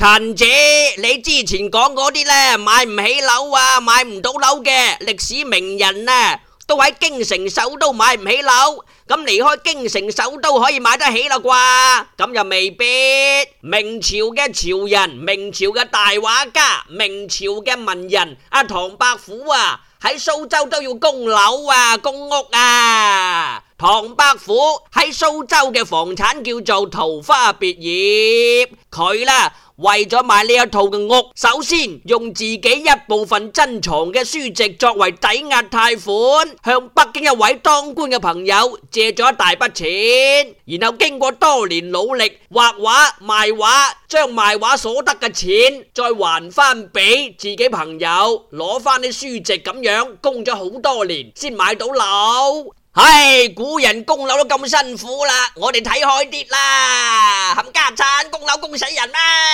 陳姐，你之前講嗰啲咧，買唔起樓啊，買唔到樓嘅歷史名人啊，都喺京城首都買唔起樓，咁離開京城首都可以買得起喇啩？咁又未必。明朝嘅潮人，明朝嘅大畫家，明朝嘅文人，阿唐伯虎啊，喺蘇州都要供樓啊，供屋啊。唐伯虎喺蘇州嘅房產叫做桃花別業，佢啦。為咗買呢一套嘅屋，首先用自己一部分珍藏嘅書籍作為抵押貸款，向北京一位當官嘅朋友借咗一大筆錢，然後經過多年努力畫畫賣畫，將賣畫所得嘅錢再還翻俾自己朋友，攞翻啲書籍，咁樣供咗好多年先買到樓。唉，古人供樓都咁辛苦啦，我哋睇開啲啦，冚家鏟供樓供死人啦。